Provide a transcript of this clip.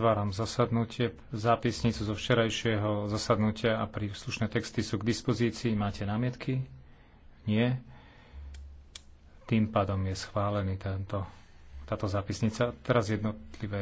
Otváram zasadnutie, zápisnicu zo včerajšieho zasadnutia a príslušné texty sú k dispozícii. Máte námietky? Nie. Tým pádom je schválený tento, táto zápisnica. Teraz jednotlivé